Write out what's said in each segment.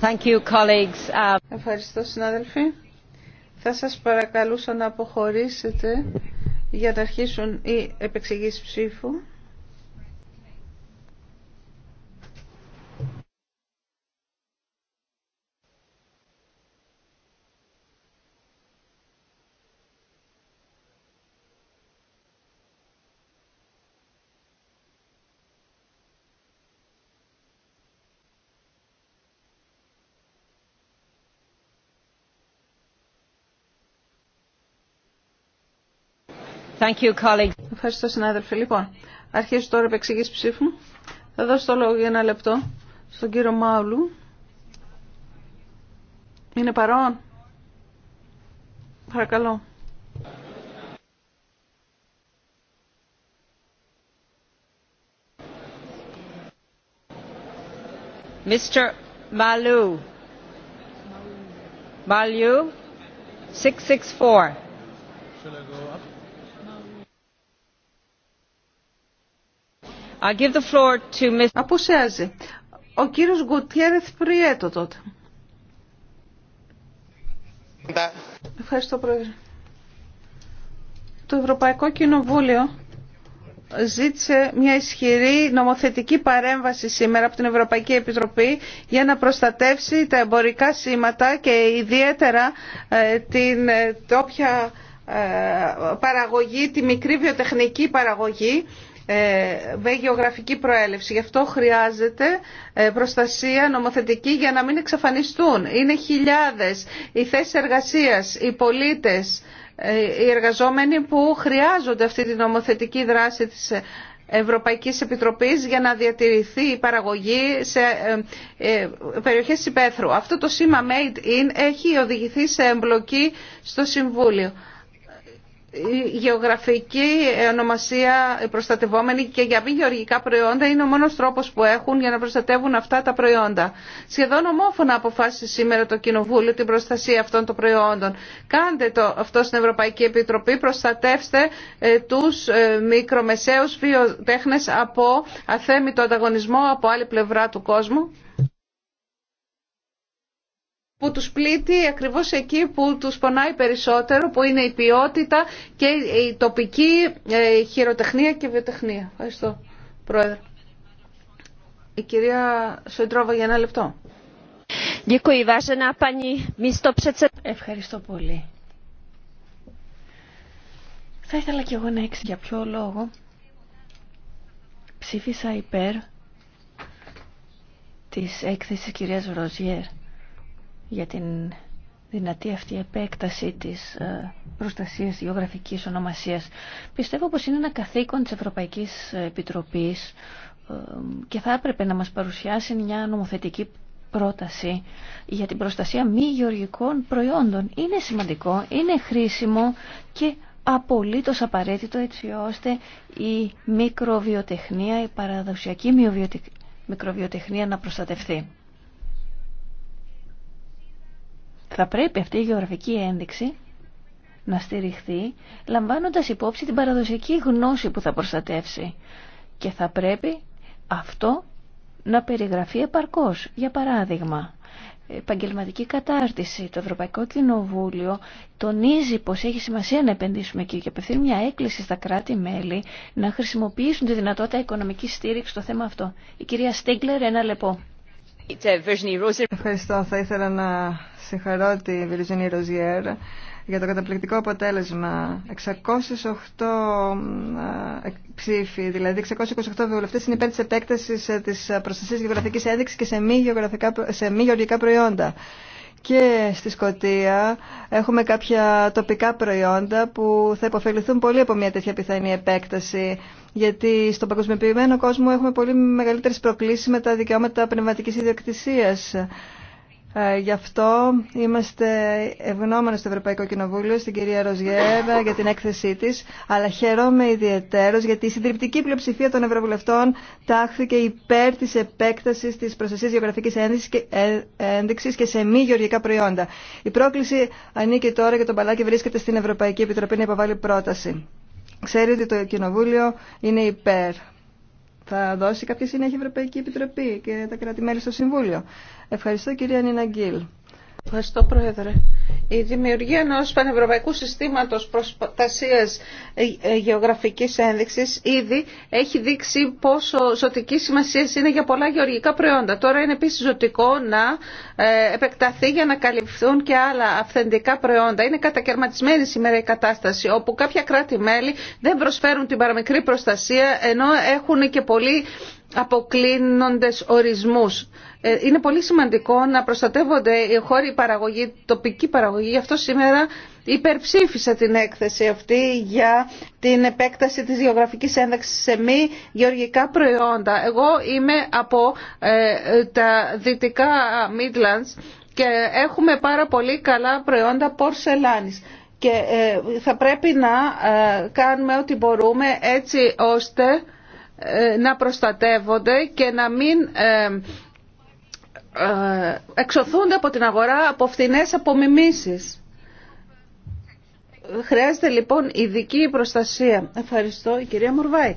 Uh, Ευχαριστώ συνάδελφοι. Θα σας παρακαλούσα να αποχωρήσετε για να αρχίσουν οι επεξηγήσεις ψήφου. Ευχαριστώ συνάδελφε. Λοιπόν, αρχίζω τώρα εξήγηση ψήφου. Θα δώσω το λόγο για ένα λεπτό στον κύριο Μάουλου. Είναι παρόν. Παρακαλώ. Mr. Malou. Malou, 664. I go up? Αποουσιάζει. Ο κύριος Γκουτιέρεθ Πριέτο τότε. Ευχαριστώ πρόεδρε. Το Ευρωπαϊκό Κοινοβούλιο ζήτησε μια ισχυρή νομοθετική παρέμβαση σήμερα από την Ευρωπαϊκή Επιτροπή για να προστατεύσει τα εμπορικά σήματα και ιδιαίτερα ε, την τόπια ε, ε, παραγωγή, τη μικρή βιοτεχνική παραγωγή ε, με γεωγραφική προέλευση. Γι' αυτό χρειάζεται ε, προστασία νομοθετική για να μην εξαφανιστούν. Είναι χιλιάδες οι θέσεις εργασίας, οι πολίτες, ε, οι εργαζόμενοι που χρειάζονται αυτή τη νομοθετική δράση της Ευρωπαϊκής Επιτροπής για να διατηρηθεί η παραγωγή σε περιοχές υπαίθρου. Αυτό το σήμα Made in έχει οδηγηθεί σε εμπλοκή στο Συμβούλιο η γεωγραφική ονομασία προστατευόμενη και για μη γεωργικά προϊόντα είναι ο μόνος τρόπος που έχουν για να προστατεύουν αυτά τα προϊόντα. Σχεδόν ομόφωνα αποφάσισε σήμερα το Κοινοβούλιο την προστασία αυτών των προϊόντων. Κάντε το αυτό στην Ευρωπαϊκή Επιτροπή, προστατεύστε ε, τους ε, μικρομεσαίους βιοτέχνες από αθέμητο ανταγωνισμό από άλλη πλευρά του κόσμου που τους πλήττει ακριβώς εκεί που τους πονάει περισσότερο, που είναι η ποιότητα και η τοπική ε, χειροτεχνία και βιοτεχνία. Ευχαριστώ, Πρόεδρε. Η κυρία Σοντρόβα για ένα λεπτό. Ευχαριστώ πολύ. Θα ήθελα και εγώ να έξω για ποιο λόγο ψήφισα υπέρ της έκθεσης κυρίας Ροζιέρ για την δυνατή αυτή επέκταση της ε, προστασίας γεωγραφικής ονομασίας. Πιστεύω πως είναι ένα καθήκον της Ευρωπαϊκής Επιτροπής ε, και θα έπρεπε να μας παρουσιάσει μια νομοθετική πρόταση για την προστασία μη γεωργικών προϊόντων. Είναι σημαντικό, είναι χρήσιμο και απολύτως απαραίτητο έτσι ώστε η μικροβιοτεχνία, η παραδοσιακή μικροβιοτεχνία να προστατευτεί. θα πρέπει αυτή η γεωγραφική ένδειξη να στηριχθεί λαμβάνοντας υπόψη την παραδοσιακή γνώση που θα προστατεύσει και θα πρέπει αυτό να περιγραφεί επαρκώς. Για παράδειγμα, επαγγελματική κατάρτιση. Το Ευρωπαϊκό Κοινοβούλιο τονίζει πως έχει σημασία να επενδύσουμε εκεί και απευθύνει μια έκκληση στα κράτη-μέλη να χρησιμοποιήσουν τη δυνατότητα οικονομικής στήριξης στο θέμα αυτό. Η κυρία Στέγκλερ, ένα λεπτό. Ευχαριστώ. Θα ήθελα να συγχαρώ τη Βιρζινή Ροζιέρ για το καταπληκτικό αποτέλεσμα. 608 ε, ψήφοι, δηλαδή 628 βουλευτές είναι υπέρ της επέκτασης ε, της προστασίας γεωγραφικής έδειξης και σε μη, γεωργικά προϊόντα και στη Σκωτία έχουμε κάποια τοπικά προϊόντα που θα υποφεληθούν πολύ από μια τέτοια πιθανή επέκταση γιατί στον παγκοσμιοποιημένο κόσμο έχουμε πολύ μεγαλύτερες προκλήσεις με τα δικαιώματα πνευματικής ιδιοκτησίας ε, γι' αυτό είμαστε ευγνώμενοι στο Ευρωπαϊκό Κοινοβούλιο, στην κυρία Ροζιέβα, για την έκθεσή τη, αλλά χαίρομαι ιδιαίτερω γιατί η συντριπτική πλειοψηφία των Ευρωβουλευτών τάχθηκε υπέρ τη επέκταση τη Προστασία γεωγραφική ε, ένδειξη και σε μη γεωργικά προϊόντα. Η πρόκληση ανήκει τώρα και τον Παλάκη βρίσκεται στην Ευρωπαϊκή Επιτροπή να υποβάλει πρόταση. Ξέρετε ότι το Κοινοβούλιο είναι υπέρ θα δώσει κάποια συνέχεια η Ευρωπαϊκή Επιτροπή και τα κράτη-μέλη στο Συμβούλιο. Ευχαριστώ κυρία Νίνα Γκίλ. Ευχαριστώ, Πρόεδρε. Η δημιουργία ενό πανευρωπαϊκού συστήματο προστασία ε, ε, γεωγραφική ένδειξη ήδη έχει δείξει πόσο ζωτική σημασία είναι για πολλά γεωργικά προϊόντα. Τώρα είναι επίση ζωτικό να ε, επεκταθεί για να καλυφθούν και άλλα αυθεντικά προϊόντα. Είναι κατακαιρματισμένη σήμερα η κατάσταση, όπου κάποια κράτη-μέλη δεν προσφέρουν την παραμικρή προστασία, ενώ έχουν και πολύ αποκλίνοντες ορισμούς. Ε, είναι πολύ σημαντικό να προστατεύονται οι χώροι παραγωγή, τοπική παραγωγή. Γι' αυτό σήμερα υπερψήφισα την έκθεση αυτή για την επέκταση της γεωγραφικής ένταξης σε μη γεωργικά προϊόντα. Εγώ είμαι από ε, τα δυτικά Midlands και έχουμε πάρα πολύ καλά προϊόντα πορσελάνης και ε, θα πρέπει να ε, κάνουμε ό,τι μπορούμε έτσι ώστε ε, να προστατεύονται και να μην ε, ε, εξωθούνται από την αγορά από φθηνές απομιμήσεις. Χρειάζεται λοιπόν ειδική προστασία. Ευχαριστώ, η κυρία Μουρβάη.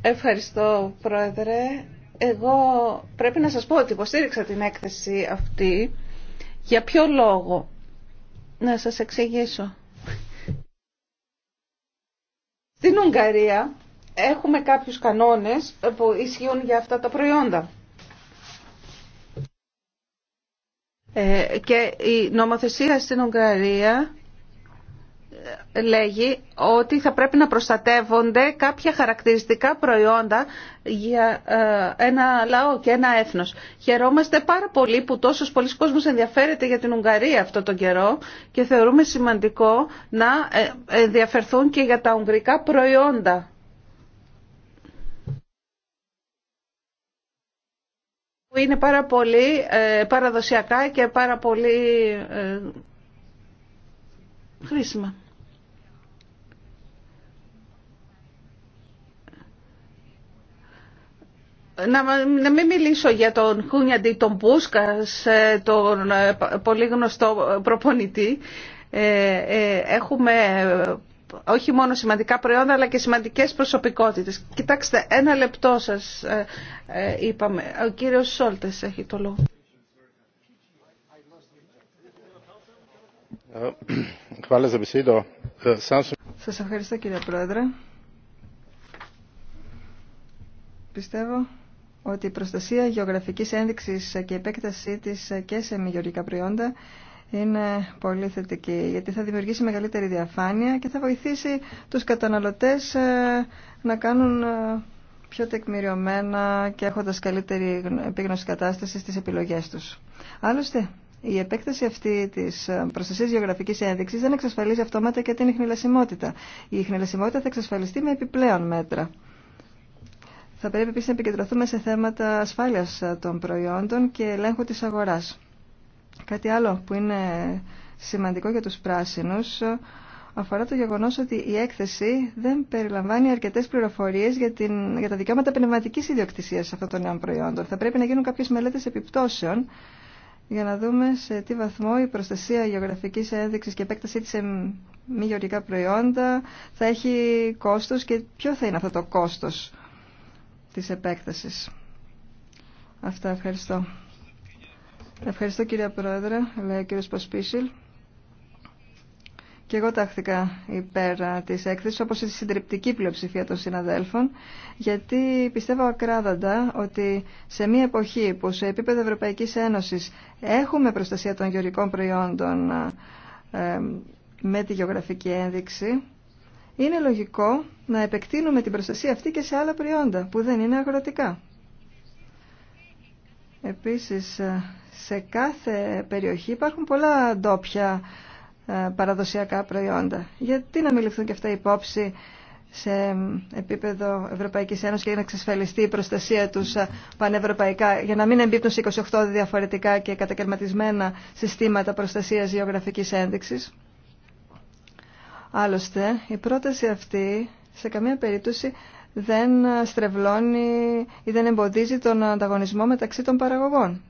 Ευχαριστώ, Πρόεδρε. Εγώ πρέπει να σας πω ότι υποστήριξα την έκθεση αυτή. Για ποιο λόγο. Να σας εξηγήσω. Στην Ουγγαρία έχουμε κάποιους κανόνες που ισχύουν για αυτά τα προϊόντα. Ε, και η νομοθεσία στην Ουγγαρία λέγει ότι θα πρέπει να προστατεύονται κάποια χαρακτηριστικά προϊόντα για ε, ένα λαό και ένα έθνος. Χαιρόμαστε πάρα πολύ που τόσος πολλοί κόσμος ενδιαφέρεται για την Ουγγαρία αυτό τον καιρό και θεωρούμε σημαντικό να ε, ενδιαφερθούν και για τα ουγγρικά προϊόντα. που είναι πάρα πολύ ε, παραδοσιακά και πάρα πολύ χρήσιμα. να, μην μιλήσω για τον Χούνιαντι τον Πούσκας, τον ε, πολύ γνωστό προπονητή. Ε, ε, έχουμε όχι μόνο σημαντικά προϊόντα αλλά και σημαντικές προσωπικότητες. Κοιτάξτε, ένα λεπτό σας είπαμε. Ο κύριος Σόλτες έχει το λόγο. Σας ευχαριστώ κύριε Πρόεδρε. Πιστεύω ότι η προστασία γεωγραφικής ένδειξης και η επέκτασή της και σε μη γεωργικά προϊόντα είναι πολύ θετική, γιατί θα δημιουργήσει μεγαλύτερη διαφάνεια και θα βοηθήσει τους καταναλωτές ε, να κάνουν ε, πιο τεκμηριωμένα και έχοντας καλύτερη επίγνωση κατάσταση στις επιλογές τους. Άλλωστε, η επέκταση αυτή της ε, προστασία γεωγραφικής ένδειξη δεν εξασφαλίζει αυτόματα και την ιχνηλασιμότητα. Η ιχνηλασιμότητα θα εξασφαλιστεί με επιπλέον μέτρα. Θα πρέπει επίση να επικεντρωθούμε σε θέματα ασφάλεια ε, των προϊόντων και ελέγχου τη αγορά. Κάτι άλλο που είναι σημαντικό για του πράσινου ε, αφορά το γεγονό ότι η έκθεση δεν περιλαμβάνει αρκετέ πληροφορίε για, για τα δικαιώματα πνευματική ιδιοκτησία αυτών των νέων προϊόντων. Θα πρέπει να γίνουν κάποιε μελέτε επιπτώσεων για να δούμε σε τι βαθμό η προστασία γεωγραφική ένδειξη και επέκτασή τη σε μη γεωργικά προϊόντα θα έχει κόστο και ποιο θα είναι αυτό το κόστο της επέκτασης. Αυτά ευχαριστώ. Ευχαριστώ κύριε Πρόεδρε, λέει ο κύριος Πασπίσιλ. Και εγώ τάχθηκα υπέρ της έκθεση, όπως η συντριπτική πλειοψηφία των συναδέλφων, γιατί πιστεύω ακράδαντα ότι σε μια εποχή που σε επίπεδο Ευρωπαϊκή Ένωσης έχουμε προστασία των γεωργικών προϊόντων ε, με τη γεωγραφική ένδειξη, είναι λογικό να επεκτείνουμε την προστασία αυτή και σε άλλα προϊόντα που δεν είναι αγροτικά. Επίσης, σε κάθε περιοχή υπάρχουν πολλά ντόπια ε, παραδοσιακά προϊόντα. Γιατί να μην και αυτά υπόψη σε επίπεδο Ευρωπαϊκής Ένωσης και να εξασφαλιστεί η προστασία τους ε, πανευρωπαϊκά για να μην εμπίπτουν σε 28 διαφορετικά και κατακαιρματισμένα συστήματα προστασίας γεωγραφικής ένδειξης. Άλλωστε, η πρόταση αυτή σε καμία περίπτωση δεν στρεβλώνει ή δεν εμποδίζει τον ανταγωνισμό μεταξύ των παραγωγών.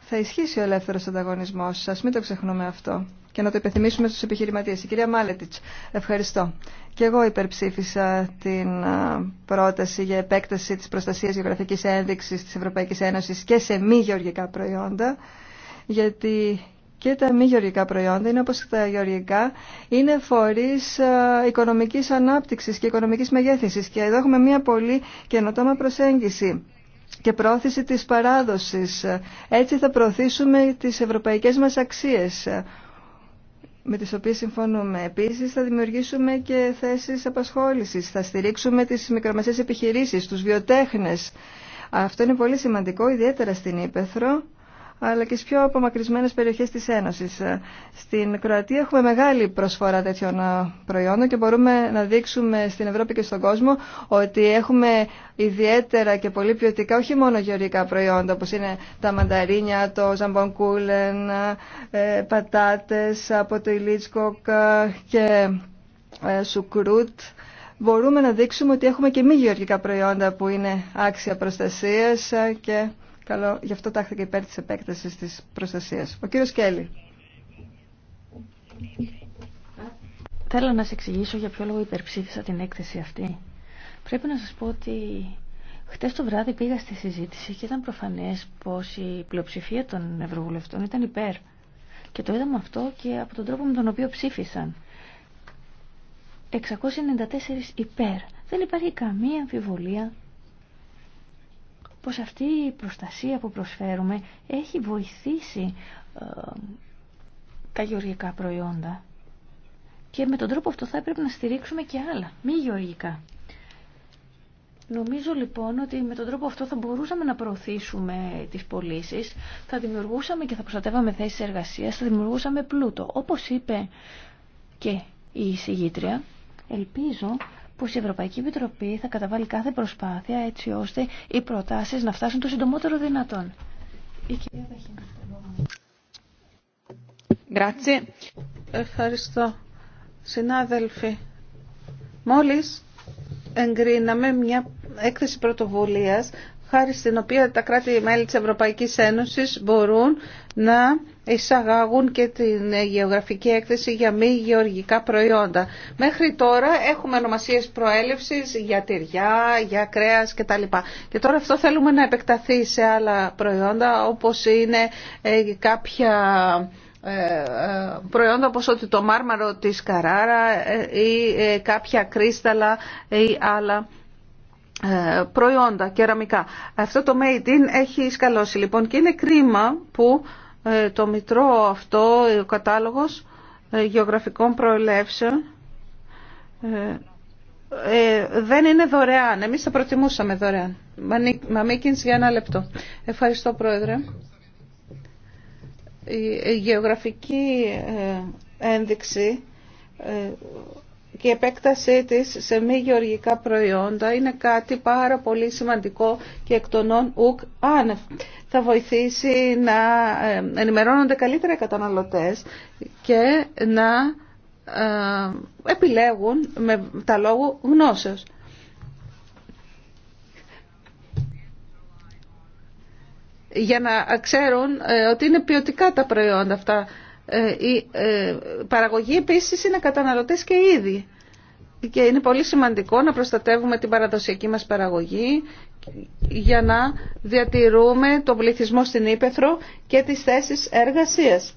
Θα ισχύσει ο ελεύθερο ανταγωνισμό, α μην το ξεχνούμε αυτό και να το υπενθυμίσουμε στου επιχειρηματίε. Η κυρία Μάλετιτ, ευχαριστώ. Και εγώ υπερψήφισα την πρόταση για επέκταση τη προστασία γεωγραφική ένδειξη τη Ευρωπαϊκή Ένωση και σε μη γεωργικά προϊόντα, γιατί και τα μη γεωργικά προϊόντα είναι όπως τα γεωργικά είναι φορείς ε, οικονομικής ανάπτυξης και οικονομικής μεγέθυνσης και εδώ έχουμε μια πολύ καινοτόμα προσέγγιση και πρόθεση της παράδοσης. Έτσι θα προωθήσουμε τις ευρωπαϊκές μας αξίες με τις οποίες συμφωνούμε. Επίσης θα δημιουργήσουμε και θέσεις απασχόλησης, θα στηρίξουμε τις μικρομεσαίες επιχειρήσεις, τους βιοτέχνες. Αυτό είναι πολύ σημαντικό, ιδιαίτερα στην Ήπεθρο αλλά και στις πιο απομακρυσμένες περιοχές της Ένωσης. Ε, στην Κροατία έχουμε μεγάλη προσφορά τέτοιων ε, προϊόντων και μπορούμε να δείξουμε στην Ευρώπη και στον κόσμο ότι έχουμε ιδιαίτερα και πολύ ποιοτικά, όχι μόνο γεωργικά προϊόντα, όπως είναι τα μανταρίνια, το ζαμπον κούλεν, ε, πατάτες από το ηλίτσκοκ και σουκρούτ μπορούμε να δείξουμε ότι έχουμε και μη γεωργικά προϊόντα που είναι άξια προστασίας και καλό, γι' αυτό τάχθηκε υπέρ τη επέκταση τη προστασία. Ο κύριο Κέλλη. Θέλω να σα εξηγήσω για ποιο λόγο υπερψήφισα την έκθεση αυτή. Πρέπει να σας πω ότι χτες το βράδυ πήγα στη συζήτηση και ήταν προφανέ πως η πλειοψηφία των ευρωβουλευτών ήταν υπέρ. Και το είδαμε αυτό και από τον τρόπο με τον οποίο ψήφισαν. 694 υπέρ. Δεν υπάρχει καμία αμφιβολία πως αυτή η προστασία που προσφέρουμε έχει βοηθήσει ε, τα γεωργικά προϊόντα. Και με τον τρόπο αυτό θα έπρεπε να στηρίξουμε και άλλα, μη γεωργικά. Νομίζω λοιπόν ότι με τον τρόπο αυτό θα μπορούσαμε να προωθήσουμε τις πωλήσει, θα δημιουργούσαμε και θα προστατεύαμε θέσεις εργασίας, θα δημιουργούσαμε πλούτο. Όπως είπε και η εισηγήτρια, ελπίζω πως η Ευρωπαϊκή Επιτροπή θα καταβάλει κάθε προσπάθεια έτσι ώστε οι προτάσεις να φτάσουν το συντομότερο δυνατόν. Η κυρία Γράτσι. Ευχαριστώ. Συνάδελφοι, μόλις εγκρίναμε μια έκθεση πρωτοβουλίας χάρη στην οποία τα κράτη-μέλη της Ευρωπαϊκής Ένωσης μπορούν να εισαγάγουν και την ε, γεωγραφική έκθεση για μη γεωργικά προϊόντα. Μέχρι τώρα έχουμε ονομασίες προέλευσης για τυριά, για κρέας κτλ. Και τώρα αυτό θέλουμε να επεκταθεί σε άλλα προϊόντα όπως είναι ε, κάποια ε, προϊόντα όπως ότι το μάρμαρο της Καράρα ή κάποια κρίσταλα ή άλλα προϊόντα κεραμικά. Αυτό το Made in έχει σκαλώσει λοιπόν και είναι κρίμα που ε, το μητρό αυτό, ο κατάλογος ε, γεωγραφικών προελεύσεων ε, δεν είναι δωρεάν. Εμείς θα προτιμούσαμε δωρεάν. Μαμίκινς για ένα λεπτό. Ευχαριστώ Πρόεδρε. Η γεωγραφική ένδειξη και η επέκτασή της σε μη γεωργικά προϊόντα είναι κάτι πάρα πολύ σημαντικό και εκ των ουκ άνευ. Θα βοηθήσει να ε, ενημερώνονται καλύτερα οι καταναλωτές και να ε, επιλέγουν με τα λόγου γνώσεως. για να ξέρουν ε, ότι είναι ποιοτικά τα προϊόντα αυτά ε, η ε, παραγωγή επίσης είναι καταναλωτές και ήδη. Και είναι πολύ σημαντικό να προστατεύουμε την παραδοσιακή μας παραγωγή για να διατηρούμε τον πληθυσμό στην Ήπεθρο και τις θέσεις εργασίας.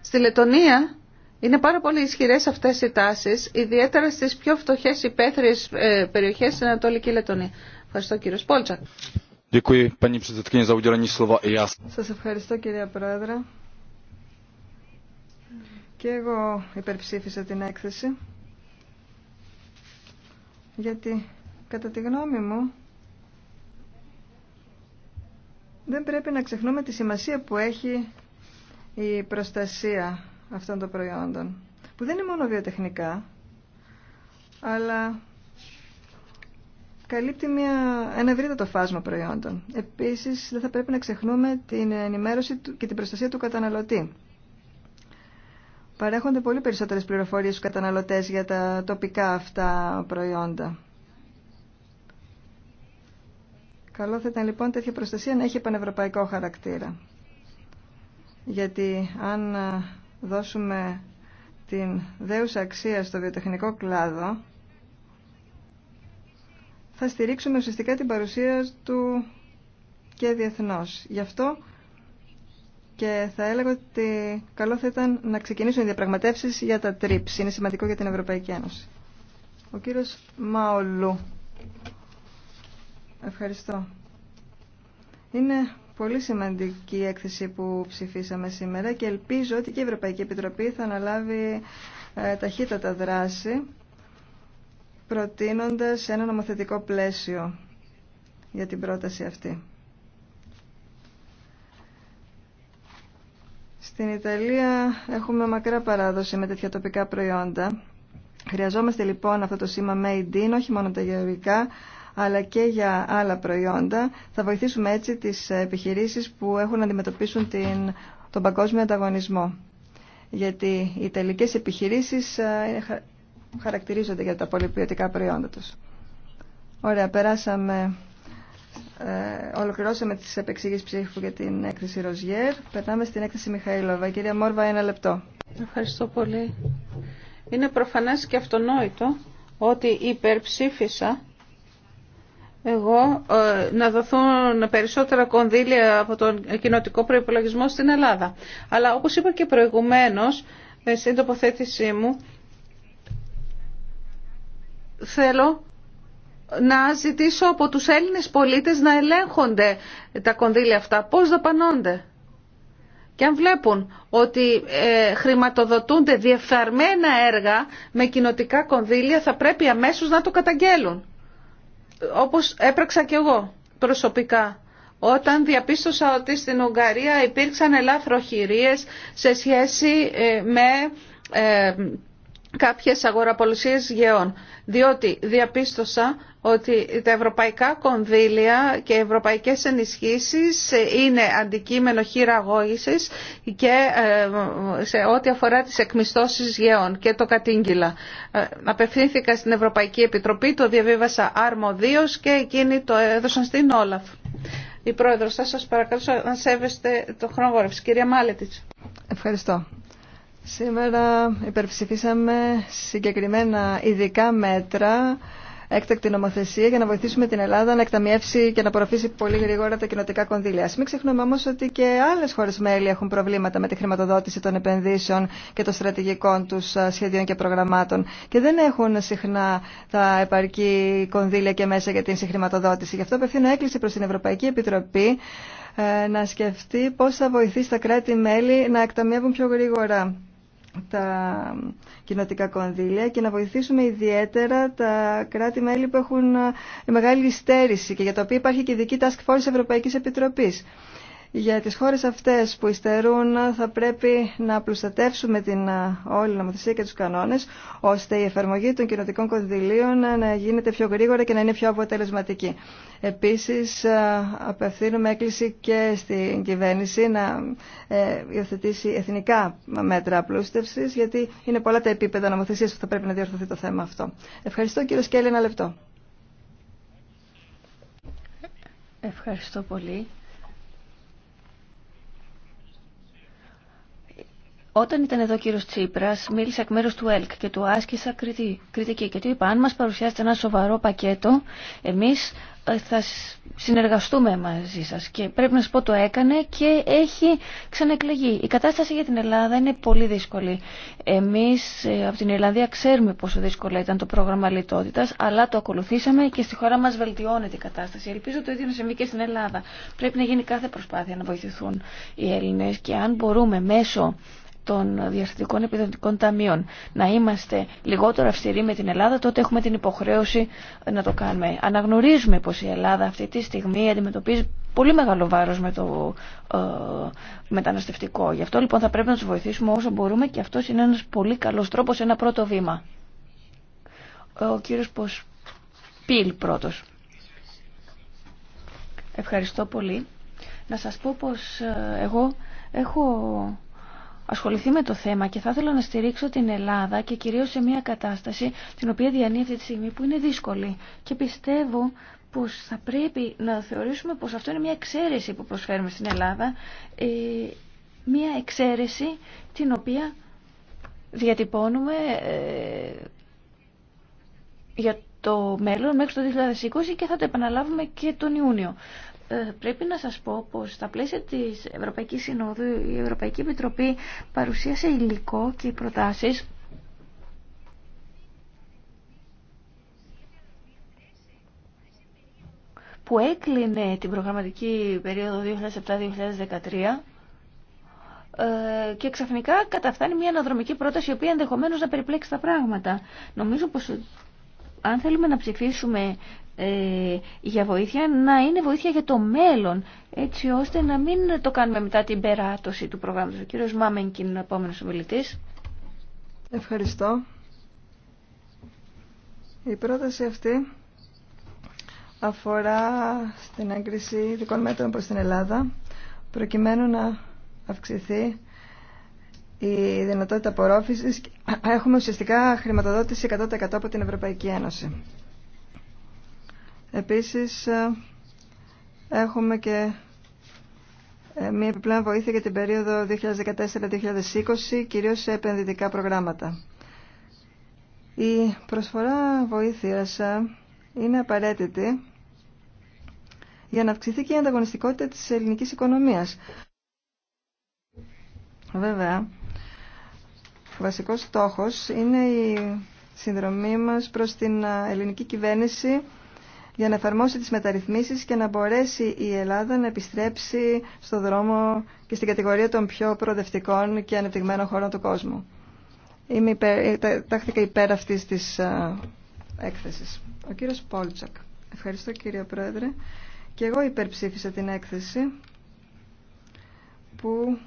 Στη Λετωνία είναι πάρα πολύ ισχυρές αυτές οι τάσεις, ιδιαίτερα στις πιο φτωχές υπαίθριες ε, περιοχές στην Ανατολική Λετωνία. Ευχαριστώ κύριο Σπόλτσακ. Σας ευχαριστώ κυρία Πρόεδρε. Και εγώ υπερψήφισα την έκθεση γιατί κατά τη γνώμη μου δεν πρέπει να ξεχνούμε τη σημασία που έχει η προστασία αυτών των προϊόντων που δεν είναι μόνο βιοτεχνικά αλλά καλύπτει μια, ένα ευρύτατο φάσμα προϊόντων. Επίσης, δεν θα πρέπει να ξεχνούμε την ενημέρωση και την προστασία του καταναλωτή. Παρέχονται πολύ περισσότερες πληροφορίες στους καταναλωτές για τα τοπικά αυτά προϊόντα. Καλό θα ήταν λοιπόν τέτοια προστασία να έχει πανευρωπαϊκό χαρακτήρα. Γιατί αν ε, δώσουμε την δέουσα αξία στο βιοτεχνικό κλάδο, θα στηρίξουμε ουσιαστικά την παρουσία του και διεθνώς. Γι' αυτό και θα έλεγα ότι καλό θα ήταν να ξεκινήσουν οι διαπραγματεύσεις για τα TRIPS. Είναι σημαντικό για την Ευρωπαϊκή Ένωση. Ο κύριος Μαολού. Ευχαριστώ. Είναι πολύ σημαντική η έκθεση που ψηφίσαμε σήμερα και ελπίζω ότι και η Ευρωπαϊκή Επιτροπή θα αναλάβει ε, ταχύτατα δράση προτείνοντας ένα νομοθετικό πλαίσιο για την πρόταση αυτή. Στην Ιταλία έχουμε μακρά παράδοση με τέτοια τοπικά προϊόντα. Χρειαζόμαστε λοιπόν αυτό το σήμα Made in, όχι μόνο τα γεωργικά, αλλά και για άλλα προϊόντα. Θα βοηθήσουμε έτσι τις επιχειρήσεις που έχουν να αντιμετωπίσουν την, τον παγκόσμιο ανταγωνισμό. Γιατί οι τελικές επιχειρήσεις ε, χαρακτηρίζονται για τα πολυποιωτικά προϊόντα τους. Ωραία, περάσαμε, ε, ολοκληρώσαμε τις επεξηγήσεις ψήφου για την έκθεση Ροζιέρ. Περνάμε στην έκθεση Μιχαήλωβα. κυρία Μόρβα, ένα λεπτό. Ευχαριστώ πολύ. Είναι προφανές και αυτονόητο ότι υπερψήφισα εγώ ε, να δοθούν περισσότερα κονδύλια από τον κοινοτικό προϋπολογισμό στην Ελλάδα. Αλλά όπως είπα και προηγουμένως, ε, στην τοποθέτησή μου, θέλω να ζητήσω από τους Έλληνες πολίτες να ελέγχονται τα κονδύλια αυτά, πώς δαπανώνται. Και αν βλέπουν ότι ε, χρηματοδοτούνται διεφθαρμένα έργα με κοινοτικά κονδύλια, θα πρέπει αμέσως να το καταγγέλουν. Όπως έπραξα και εγώ προσωπικά όταν διαπίστωσα ότι στην Ουγγαρία υπήρξαν ελάφροχειρίε σε σχέση ε, με ε, κάποιες αγοραπολισίες γεών, διότι διαπίστωσα ότι τα ευρωπαϊκά κονδύλια και ευρωπαϊκές ενισχύσεις είναι αντικείμενο χειραγώγησης και ε, σε ό,τι αφορά τις εκμισθώσεις γεών και το κατήγγυλα. Ε, απευθύνθηκα στην Ευρωπαϊκή Επιτροπή, το διαβίβασα αρμοδίως και εκείνοι το έδωσαν στην Όλαφ. Η Πρόεδρος, θα σας παρακαλώ να σέβεστε το χρόνο Κυρία Μάλετιτς. Ευχαριστώ. Σήμερα υπερψηφίσαμε συγκεκριμένα ειδικά μέτρα έκτακτη νομοθεσία για να βοηθήσουμε την Ελλάδα να εκταμιεύσει και να απορροφήσει πολύ γρήγορα τα κοινοτικά κονδύλια. μην ξεχνούμε όμω ότι και άλλε χώρε μέλη έχουν προβλήματα με τη χρηματοδότηση των επενδύσεων και των στρατηγικών του σχεδίων και προγραμμάτων και δεν έχουν συχνά τα επαρκή κονδύλια και μέσα για την συγχρηματοδότηση. Γι' αυτό απευθύνω έκκληση προ την Ευρωπαϊκή Επιτροπή ε, να σκεφτεί πώ θα βοηθήσει τα κράτη-μέλη να εκταμιεύουν πιο γρήγορα τα κοινοτικά κονδύλια και να βοηθήσουμε ιδιαίτερα τα κράτη-μέλη που έχουν μεγάλη στέρηση και για τα οποία υπάρχει και ειδική task force Ευρωπαϊκής Επιτροπής. Για τις χώρες αυτές που υστερούν θα πρέπει να προστατεύσουμε την όλη νομοθεσία και τους κανόνες ώστε η εφαρμογή των κοινοτικών κονδυλίων να γίνεται πιο γρήγορα και να είναι πιο αποτελεσματική. Επίσης απευθύνουμε έκκληση και στην κυβέρνηση να ε, υιοθετήσει εθνικά μέτρα απλούστευσης γιατί είναι πολλά τα επίπεδα νομοθεσίας που θα πρέπει να διορθωθεί το θέμα αυτό. Ευχαριστώ κύριε Σκέλη ένα λεπτό. Ευχαριστώ πολύ. Όταν ήταν εδώ ο κύριο Τσίπρας, μίλησα εκ μέρου του ΕΛΚ και του άσκησα κριτική και του είπα, αν μα παρουσιάσετε ένα σοβαρό πακέτο, εμεί ε, θα συνεργαστούμε μαζί σα. και πρέπει να σα πω το έκανε και έχει ξαναεκλεγεί. Η κατάσταση για την Ελλάδα είναι πολύ δύσκολη. Εμεί, ε, από την Ιρλανδία ξέρουμε πόσο δύσκολο ήταν το πρόγραμμα λιτότητα, αλλά το ακολουθήσαμε και στη χώρα μα βελτιώνεται η κατάσταση. Ελπίζω το ίδιο να συμβεί και στην Ελλάδα. Πρέπει να γίνει κάθε προσπάθεια να βοηθηθούν οι Έλληνε και αν μπορούμε μέσω των διαστατικών επιδοτικών ταμείων να είμαστε λιγότερο αυστηροί με την Ελλάδα, τότε έχουμε την υποχρέωση να το κάνουμε. Αναγνωρίζουμε πως η Ελλάδα αυτή τη στιγμή αντιμετωπίζει πολύ μεγάλο βάρος με το ε, μεταναστευτικό. Γι' αυτό λοιπόν θα πρέπει να τους βοηθήσουμε όσο μπορούμε και αυτός είναι ένας πολύ καλός τρόπος, ένα πρώτο βήμα. Ο κύριος Ποσπίλ πρώτος. Ευχαριστώ πολύ. Να σας πω πως ε, εγώ έχω ασχοληθεί με το θέμα και θα ήθελα να στηρίξω την Ελλάδα και κυρίως σε μια κατάσταση την οποία διανύει αυτή τη στιγμή που είναι δύσκολη. Και πιστεύω πως θα πρέπει να θεωρήσουμε πως αυτό είναι μια εξαίρεση που προσφέρουμε στην Ελλάδα, ε, μια εξαίρεση την οποία διατυπώνουμε ε, για το μέλλον μέχρι το 2020 και θα το επαναλάβουμε και τον Ιούνιο. Ε, πρέπει να σας πω πως στα πλαίσια της Ευρωπαϊκής Συνόδου η Ευρωπαϊκή Επιτροπή παρουσίασε υλικό και προτάσεις που έκλεινε την προγραμματική περίοδο 2007-2013 ε, και ξαφνικά καταφτάνει μια αναδρομική πρόταση η οποία ενδεχομένως να περιπλέξει τα πράγματα. Νομίζω πως αν θέλουμε να ψηφίσουμε ε, για βοήθεια να είναι βοήθεια για το μέλλον έτσι ώστε να μην το κάνουμε μετά την περάτωση του προγράμματος. Ο κύριος Μάμενκιν είναι ο επόμενος ομιλητής. Ευχαριστώ. Η πρόταση αυτή αφορά στην έγκριση ειδικών μέτρων προς την Ελλάδα προκειμένου να αυξηθεί η δυνατότητα απορρόφησης. Έχουμε ουσιαστικά χρηματοδότηση 100% από την Ευρωπαϊκή Ένωση. Επίσης ε, έχουμε και ε, μια επιπλέον βοήθεια για την περίοδο 2014-2020, κυρίως σε επενδυτικά προγράμματα. Η προσφορά βοήθειας ε, είναι απαραίτητη για να αυξηθεί και η ανταγωνιστικότητα της ελληνικής οικονομίας. Βέβαια, βασικός στόχος είναι η συνδρομή μας προς την ελληνική κυβέρνηση για να εφαρμόσει τις μεταρρυθμίσεις και να μπορέσει η Ελλάδα να επιστρέψει στο δρόμο και στην κατηγορία των πιο προοδευτικών και ανεπτυγμένων χωρών του κόσμου. Είμαι υπέρ, ε, τάχθηκα υπέρ αυτής της ε, έκθεσης. Ο κύριος Πόλτσακ. Ευχαριστώ κύριε Πρόεδρε. Και εγώ υπερψήφισα την έκθεση που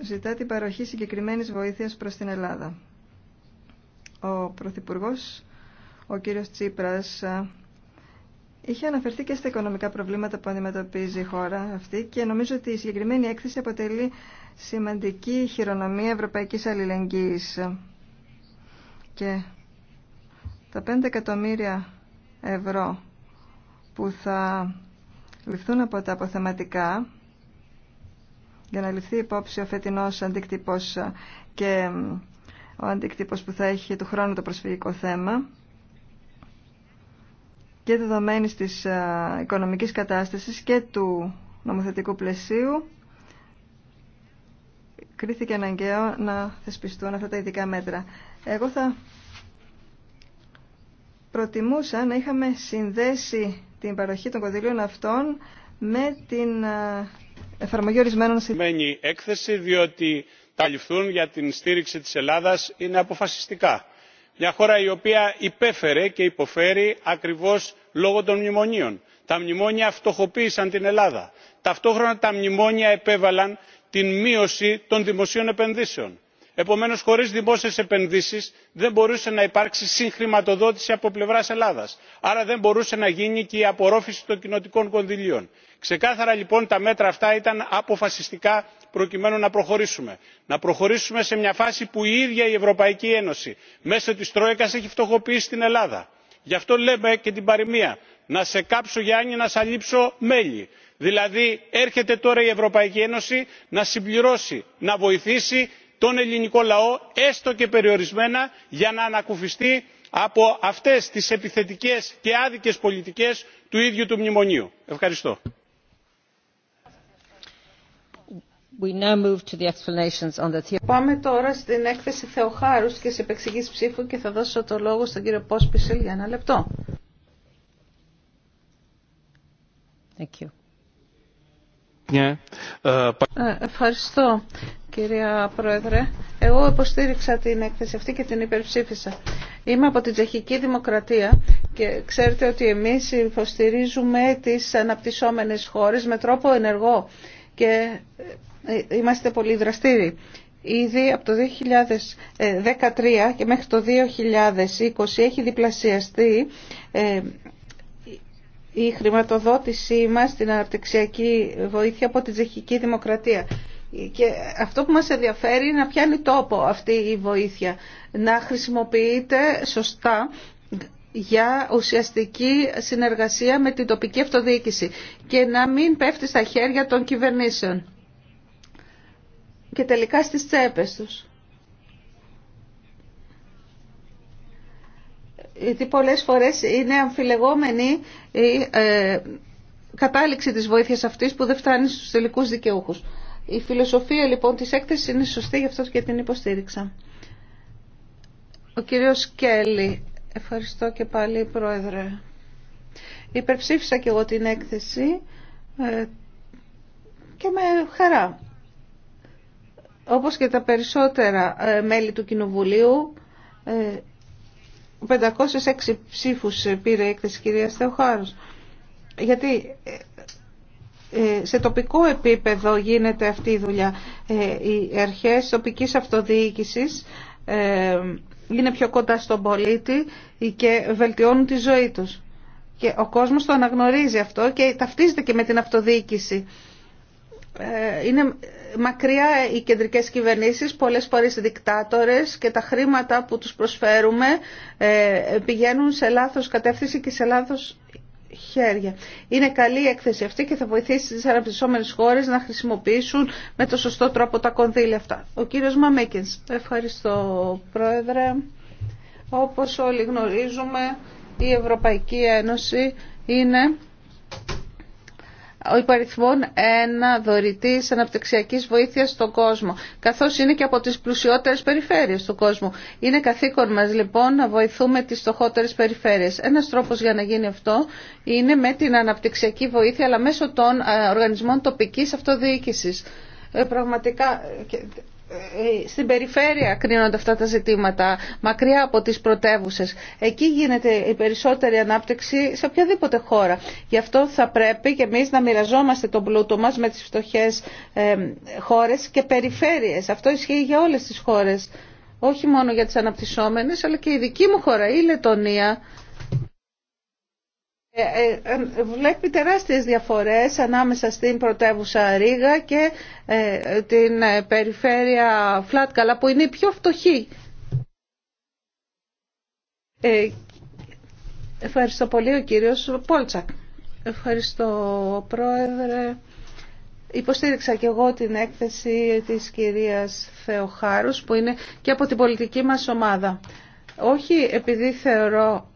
ζητά την παροχή συγκεκριμένης βοήθειας προς την Ελλάδα. Ο Πρωθυπουργός, ο κύριος Τσίπρας, Είχε αναφερθεί και στα οικονομικά προβλήματα που αντιμετωπίζει η χώρα αυτή και νομίζω ότι η συγκεκριμένη έκθεση αποτελεί σημαντική χειρονομία ευρωπαϊκής αλληλεγγύης. Και τα 5 εκατομμύρια ευρώ που θα ληφθούν από τα αποθεματικά για να ληφθεί υπόψη ο φετινός αντίκτυπος και ο αντίκτυπος που θα έχει του χρόνου το προσφυγικό θέμα και δεδομένη της ε, οικονομικής κατάστασης και του νομοθετικού πλαισίου κρίθηκε αναγκαίο να θεσπιστούν αυτά τα ειδικά μέτρα. Εγώ θα προτιμούσα να είχαμε συνδέσει την παροχή των κονδυλίων αυτών με την ε, εφαρμογή ορισμένων έκθεση διότι τα ληφθούν για την στήριξη της Ελλάδας είναι αποφασιστικά μια χώρα η οποία υπέφερε και υποφέρει ακριβώς λόγω των μνημονίων. τα μνημόνια φτωχοποίησαν την ελλάδα. ταυτόχρονα τα μνημόνια επέβαλαν την μείωση των δημοσίων επενδύσεων. επομένως χωρίς δημόσιες επενδύσεις δεν μπορούσε να υπάρξει συγχρηματοδότηση από πλευράς ελλάδας άρα δεν μπορούσε να γίνει και η απορρόφηση των κοινοτικών κονδυλίων. ξεκάθαρα λοιπόν τα μέτρα αυτά ήταν αποφασιστικά προκειμένου να προχωρήσουμε. να προχωρήσουμε σε μια φάση που η ίδια η ευρωπαϊκή ένωση μέσω της τρόικας έχει φτωχοποιήσει την ελλάδα. γι' αυτό λέμε και την παροιμία να σε κάψω γιάννη να σ' αλείψω μέλι δηλαδή έρχεται τώρα η ευρωπαϊκή ένωση να συμπληρώσει να βοηθήσει τον ελληνικό λαό έστω και περιορισμένα για να ανακουφιστεί από αυτές τις επιθετικές και άδικες πολιτικές του ίδιου του μνημονίου. ευχαριστώ. Πάμε τώρα στην έκθεση Θεοχάρους και σε επεξηγής ψήφου και θα δώσω το λόγο στον κύριο Πόσπισελ για ένα λεπτό. Ναι. Ε, ε, ευχαριστώ κυρία Πρόεδρε. Εγώ υποστήριξα την έκθεση αυτή και την υπερψήφισα. Είμαι από την Τσεχική Δημοκρατία και ξέρετε ότι εμείς υποστηρίζουμε τις αναπτυσσόμενες χώρες με τρόπο ενεργό και είμαστε πολύ δραστήριοι. Ήδη από το 2013 και μέχρι το 2020 έχει διπλασιαστεί ε, η χρηματοδότησή μας στην αναπτυξιακή βοήθεια από την Τσεχική Δημοκρατία. Και αυτό που μας ενδιαφέρει είναι να πιάνει τόπο αυτή η βοήθεια, να χρησιμοποιείται σωστά για ουσιαστική συνεργασία με την τοπική αυτοδιοίκηση και να μην πέφτει στα χέρια των κυβερνήσεων και τελικά στις τσέπες τους. Γιατί πολλές φορές είναι αμφιλεγόμενη η ε, κατάληξη της βοήθειας αυτής που δεν φτάνει στους τελικούς δικαιούχους. Η φιλοσοφία λοιπόν της έκθεσης είναι σωστή, γι' αυτό και την υποστήριξα. Ο κύριος Κέλλη, ευχαριστώ και πάλι πρόεδρε. Υπερψήφισα και εγώ την έκθεση ε, και με χαρά. Όπως και τα περισσότερα ε, μέλη του Κοινοβουλίου, 506 ε, ψήφους ε, πήρε η έκθεση κυρία Θεοχάρος. Γιατί σε τοπικό επίπεδο γίνεται αυτή η δουλειά. Οι αρχές τοπικής αυτοδιοίκησης είναι πιο κοντά στον πολίτη και βελτιώνουν τη ζωή τους. Και ο κόσμος το αναγνωρίζει αυτό και ταυτίζεται και με την αυτοδιοίκηση. Ε, είναι μακριά οι κεντρικές κυβερνήσεις, πολλές φορές δικτάτορες και τα χρήματα που τους προσφέρουμε ε, πηγαίνουν σε λάθος κατεύθυνση και σε λάθος χέρια. Είναι καλή η έκθεση αυτή και θα βοηθήσει τις αναπτυσσόμενες χώρες να χρησιμοποιήσουν με το σωστό τρόπο τα κονδύλια αυτά. Ο κύριος Μαμέκινς. Ευχαριστώ Πρόεδρε. Όπως όλοι γνωρίζουμε η Ευρωπαϊκή Ένωση είναι ο υπαριθμόν ένα δωρητή αναπτυξιακή βοήθεια στον κόσμο, καθώ είναι και από τι πλουσιότερε περιφέρειε του κόσμου. Είναι καθήκον μα λοιπόν να βοηθούμε τι στοχότερε περιφέρειες. Ένα τρόπο για να γίνει αυτό είναι με την αναπτυξιακή βοήθεια, αλλά μέσω των ε, οργανισμών τοπική αυτοδιοίκηση. Ε, ε, ε, στην περιφέρεια κρίνονται αυτά τα ζητήματα, μακριά από τις πρωτεύουσε. Εκεί γίνεται η περισσότερη ανάπτυξη σε οποιαδήποτε χώρα. Γι' αυτό θα πρέπει και εμείς να μοιραζόμαστε τον πλούτο μας με τις φτωχές ε, χώρες και περιφέρειες. Αυτό ισχύει για όλες τις χώρες, όχι μόνο για τις αναπτυσσόμενες, αλλά και η δική μου χώρα, η Λετωνία, ε, ε, ε, βλέπει τεράστιες διαφορές ανάμεσα στην πρωτεύουσα Ρήγα και την περιφέρεια Φλάτκαλα που είναι η πιο φτωχή. Ευχαριστώ πολύ ο κύριος Πόλτσακ. Ευχαριστώ πρόεδρε. Υποστήριξα και εγώ την έκθεση της κυρίας Θεοχάρους που είναι και από την πολιτική μας ομάδα. Όχι επειδή θεωρώ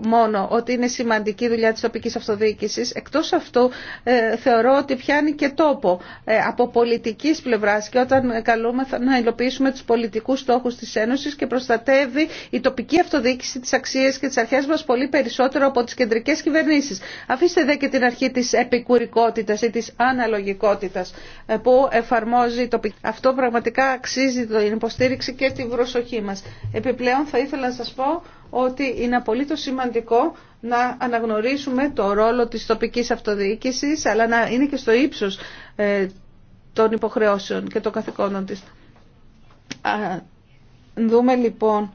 μόνο ότι είναι σημαντική δουλειά της τοπικής αυτοδιοίκησης. Εκτός αυτού ε, θεωρώ ότι πιάνει και τόπο ε, από πολιτικής πλευράς και όταν καλούμε να υλοποιήσουμε τους πολιτικούς στόχους της Ένωσης και προστατεύει η τοπική αυτοδιοίκηση τις αξίες και τις αρχές μας πολύ περισσότερο από τις κεντρικές κυβερνήσεις. Αφήστε δε και την αρχή της επικουρικότητας ή της αναλογικότητας ε, που εφαρμόζει τοπική. Αυτό πραγματικά αξίζει την υποστήριξη και την προσοχή μας. Επιπλέον θα ήθελα να σας πω ότι είναι απολύτως σημαντικό να αναγνωρίσουμε το ρόλο της τοπικής αυτοδιοίκησης, αλλά να είναι και στο ύψος ε, των υποχρεώσεων και των καθηκόντων της. Δούμε λοιπόν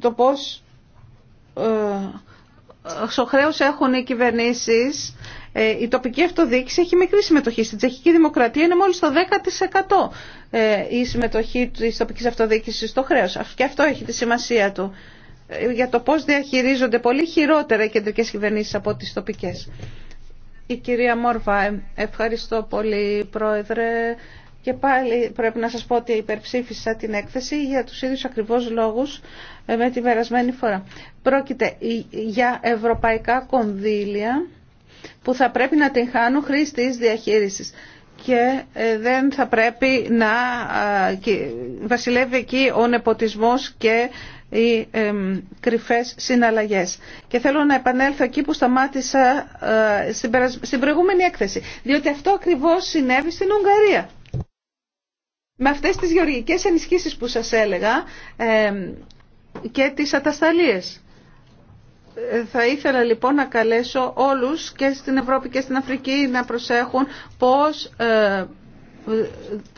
το πώς ε, χρέο έχουν οι κυβερνήσεις ε, η τοπική αυτοδιοίκηση έχει μικρή συμμετοχή. Στην Τσεχική Δημοκρατία είναι μόλις το 10% ε, η συμμετοχή της τοπικής αυτοδιοίκησης στο χρέος. Και αυτό έχει τη σημασία του ε, για το πώς διαχειρίζονται πολύ χειρότερα οι κεντρικές κυβερνήσεις από τις τοπικές. Η κυρία Μόρβα, ευχαριστώ πολύ πρόεδρε. Και πάλι πρέπει να σας πω ότι υπερψήφισα την έκθεση για τους ίδιους ακριβώς λόγους με την περασμένη φορά. Πρόκειται για ευρωπαϊκά κονδύλια που θα πρέπει να την χάνουν της διαχείρισης και ε, δεν θα πρέπει να βασιλεύει εκεί ο νεποτισμός και οι κρυφές συναλλαγές. Και θέλω να επανέλθω εκεί που σταμάτησα ε, στην προηγούμενη έκθεση, διότι αυτό ακριβώς συνέβη στην Ουγγαρία. Με αυτές τις γεωργικές ενισχύσεις που σας έλεγα και τις ατασταλίες θα ήθελα λοιπόν να καλέσω όλους και στην Ευρώπη και στην Αφρική να προσέχουν πώς ε,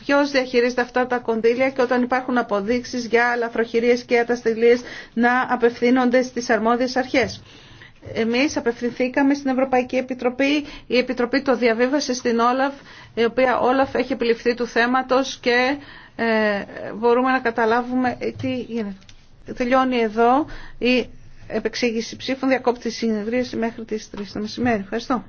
ποιος διαχειρίζεται αυτά τα κονδύλια και όταν υπάρχουν αποδείξεις για αλαφροχειρίες και αταστηλίες να απευθύνονται στις αρμόδιες αρχές. Εμείς απευθυνθήκαμε στην Ευρωπαϊκή Επιτροπή, η Επιτροπή το διαβίβασε στην Όλαφ, η οποία Όλαφ έχει επιληφθεί του θέματος και ε, μπορούμε να καταλάβουμε τι γίνεται. Τελειώνει εδώ η επεξήγηση ψήφων τη συνεδρίαση μέχρι τις 3 το μεσημέρι. Ευχαριστώ.